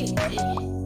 it.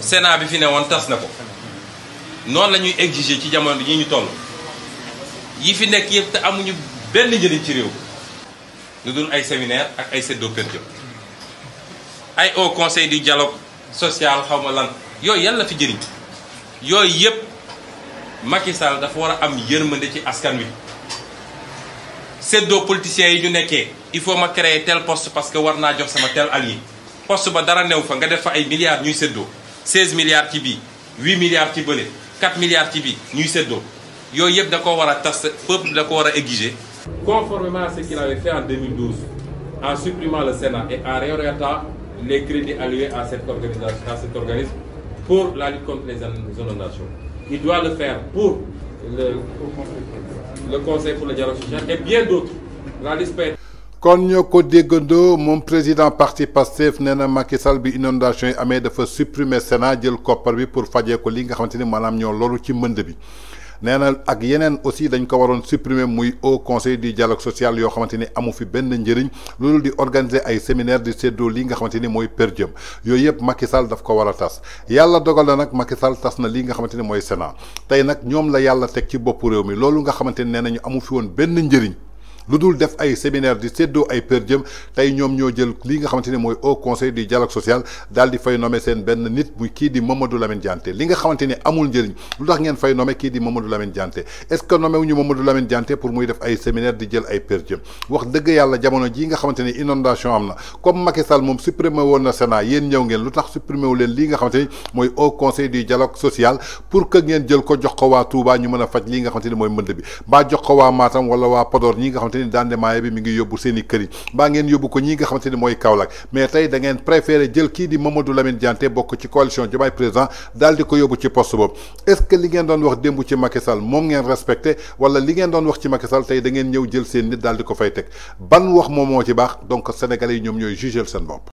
Sénat bi fi ne woon tas na ko noonu lañuy ñuy ci jamono yi ñu toll yi fi nekk yëpp te amuñu benn njëriñ ci réew lu dul ay séminaire ak ay séddoo kër jëm ay au conseil du dialogue social xaw ma lan yooyu yàlla fi jëriñ yooyu yëpp Macky Sall dafa war a am yërmande ci askan wi séddoo politiciens yi ñu nekkee il faut ma créer tel post parce que war naa jox sama tel allié post ba dara new fa nga def fa ay milliards ñuy séddoo 16 milliards de 8 milliards de 4 milliards de tibis, ñuy donc. Yo da peuple conformément à ce qu'il avait fait en 2012 en supprimant le Sénat et en réorientant les crédits alloués à cette organisation à cet organisme pour la lutte contre les inondations. Il doit le faire pour le, Conseil pour le dialogue et bien d'autres. La liste peut kon ko déggandoo mon président parti Pastef nee Macky Sall bi inondation yi amee dafa supprimer Sénat jël koppar bi pour fajee ko li nga xamanteni ni ñoo lolu ci mbënd bi nee ak yenen aussi dañ ko waron supprimer muy haut conseil du dialogue social yo xamanteni amu fi ben njëriñ lolu di organiser ay séminaire de séddoo li nga xamanteni moy mooy per Macky Sall daf ko war tass yalla dogal na nag Macky Sall tass na li nga xamanteni moy Sénat tay nak ñom la Yalla tek ci bopp réew mi lolu nga xamanteni ni amu fi won ben njëriñ lu def ay séminaire di seddo ay per diem tay ñom ñoo jël li nga xamanteni moy au conseil du dialogue social dal di fay nommer sen ben nit muy ki di Mamadou Lamine Dianté li nga xamanteni amul njëriñ lu tax ngeen fay nommer ki di Mamadou Lamine Dianté est-ce que nommé wu ñu Mamadou Lamine Dianté pour muy def ay séminaire di jël ay per diem wax deug yalla jamono ji nga xamanteni inondation amna comme Macky Sall mom supprimer woon na Sénat yeen ñew ngeen lu tax supprimé wu len li nga xamanteni moy au conseil du dialogue social pour que ngeen jël ko jox ko wa Touba ñu mëna a faj lii nga xamanteni moy mooy bi ba jox ko wa Matam wala wa Podor ñi nga xamante ni daan demaaye bi mi ngi yóbbu seen i kër yi mbaa ngeen yóbbu ko ñi nga xamante ni mooy Kaolack mais tey da ngeen préféré jël kii di Mamadou Lamine Dianté bokk ci coalition Diomaye président daal di ko yóbbu ci poste boobu est-ce que li ngeen doon wax démb ci Macky Sall moom ngeen respecté wala li ngeen doon wax ci Macky Sall tey da ngeen ñëw jël seen nit daal di ko fay teg ban wax moom moo ci baax donc sénégalais yi ñoom ñooy jugel seen bopp